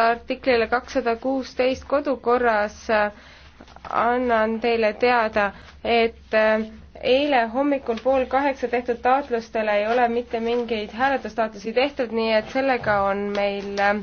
artiklile kakssada kuusteist kodukorras äh, annan teile teada, et äh, eile hommikul pool kaheksa tehtud taotlustele ei ole mitte mingeid hääletustaotlusi tehtud, nii et sellega on meil äh,